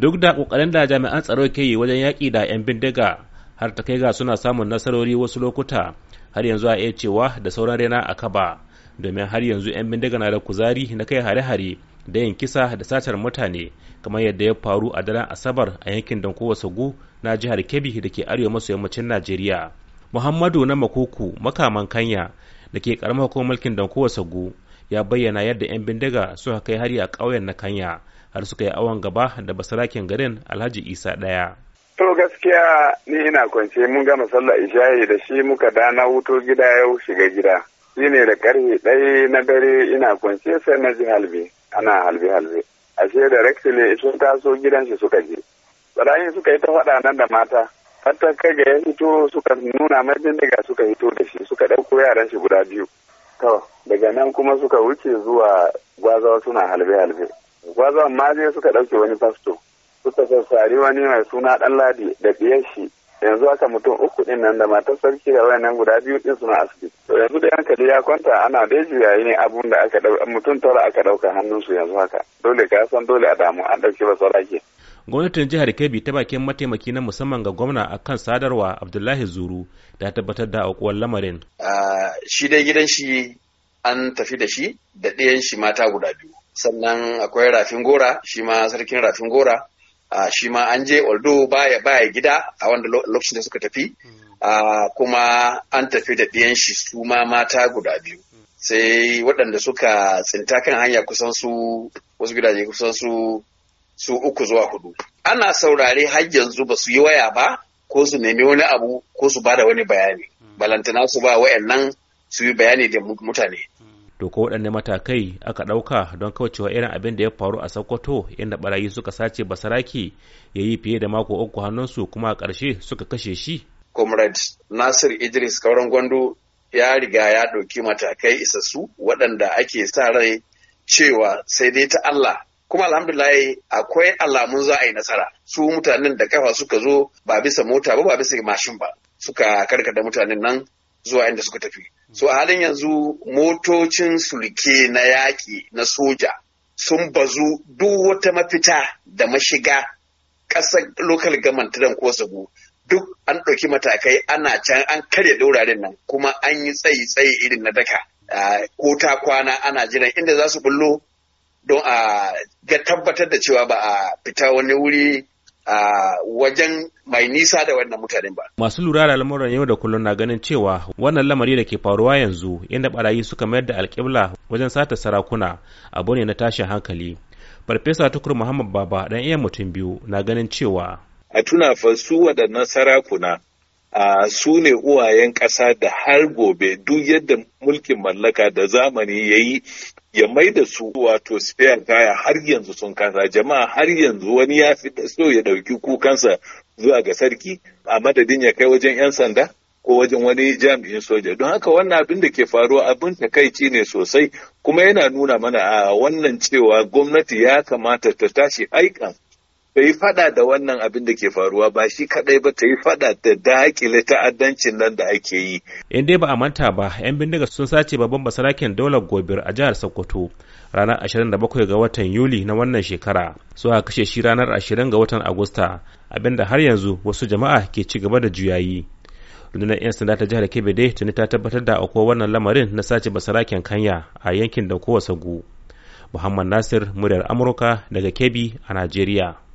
duk da kokarin da jami'an tsaro ke yi wajen yaƙi da 'yan bindiga har ta kai ga suna samun nasarori wasu lokuta har yanzu a iya cewa da sauran rena a kaba domin har yanzu 'yan bindiga na da kuzari na kai hare-hare da yin kisa da satar mutane kamar yadda ya faru a daren asabar a yankin dankowa sagu na jihar kebbi da ke arewa maso yammacin najeriya muhammadu na makuku makaman kanya da ke karamar hukumar mulkin dankowa sagu ya bayyana yadda 'yan bindiga suka kai hari a ƙauyen na kanya har suka yi awon gaba da basarakin garin alhaji isa ɗaya. to gaskiya ni ina kwance mun gama sallah isha'i da shi muka dana wuto gida yau shiga gida shi ne da karfe ɗaya na dare ina kwance sai na ji halbe ana halbe halbe ashe da rexile sun taso gidan shi suka je barayin suka yi ta faɗa nan da mata fatan kai ga ya fito suka nuna majin daga suka hito da shi suka ɗauko yaran shi guda biyu to daga nan kuma suka wuce zuwa gwazawa suna halbe halbe gwazon ma zai suka ɗauke wani fasto suka sassari wani mai suna ɗan ladi da biyar shi yanzu aka mutum uku ɗin nan da matar sarki da wayannan guda biyu ɗin suna asibiti to yanzu da yankali ya kwanta ana dai juyayi ne abun da aka ɗauka mutum tara aka ɗauka hannunsu yanzu haka dole ka san dole a damu an ɗauki ba sarake. gwamnatin jihar kebbi ta bakin mataimaki na musamman ga gwamna a kan sadarwa abdullahi zuru da tabbatar da aukuwar lamarin. Ah, shi dai gidan shi an tafi da shi da ɗayan shi mata guda biyu sannan akwai rafin gora shi ma sarkin rafin gora shi ma an je oldo baya baya gida a wanda lokacin da suka tafi hmm. kuma an tafi da ɗiyan shi su ma mata guda biyu sai waɗanda suka tsinta kan hanya kusan su wasu gidaje kusan su su uku zuwa hudu ana saurare har yanzu ba su yi waya ba ko su nemi wani abu ko su ba da wani bayani hmm. balantana su ba wa'annan su yi bayani da mutane hmm. to ko waɗanne matakai aka ɗauka don kaucewa irin abin da ya faru a sokoto inda barayi suka sace basaraki ya yi fiye da mako uku hannunsu kuma a ƙarshe suka kashe shi comrade nasir idris kauran gwando ya riga ya ɗauki matakai isassu waɗanda ake sa rai cewa sai dai ta allah kuma alhamdulillah akwai alamun za a yi nasara su mutanen da kafa suka zo ba bisa mota ba ba bisa mashin ba suka karkata mutanen nan zuwa inda suka tafi. So a halin yanzu motocin sulke na yaƙi na soja sun bazu duk wata mafita da mashiga ƙasar lokal gaman ta ko sabu duk an ɗauki matakai ana can an karya ɗauraren nan kuma an yi tsayi tsayi irin na daka ko ta kwana ana jiran inda za su bullo don a ga tabbatar da cewa ba a fita wani wuri a wajen mai nisa da wannan mutanen ba. Masu lura da lamuran yau da kullum na ganin cewa wannan lamari da ke faruwa yanzu inda barayi suka mayar da alƙibla wajen sata sarakuna abu ne na tashin hankali. Farfesa Tukur Muhammad Baba dan iya mutum biyu na ganin cewa. A tuna fa su waɗannan sarakuna a su ne uwayen ƙasa da har gobe duk yadda mulkin mallaka da zamani ya yi ya mai da su wato spare kaya har yanzu sun kasa jama'a har yanzu wani ya fi so ya ɗauki kukansa zuwa ga sarki a madadin ya kai wajen 'yan sanda ko wajen wani jami'in soja don haka wannan abin da ke faruwa abin takaici ne sosai kuma yana nuna mana a wannan cewa gwamnati ya kamata ta tashi aikan ta yi fada da wannan abin da ke faruwa ba shi kadai ba ta yi fada da dakile ta'addancin nan da ake yi. In dai ba a manta ba, 'yan bindiga sun sace babban basaraken daular gobir a jihar Sokoto ranar 27 ga watan Yuli na wannan shekara. su a kashe shi ranar 20 ga watan Agusta, abin da har yanzu wasu jama'a ke ci gaba da juyayi. rundunar 'yan sanda ta jihar Kebbi dai tuni ta tabbatar da akwai wannan lamarin na sace basarakin kanya a yankin da kowa sagu. Muhammad Nasir, muryar Amurka daga Kebbi a Najeriya.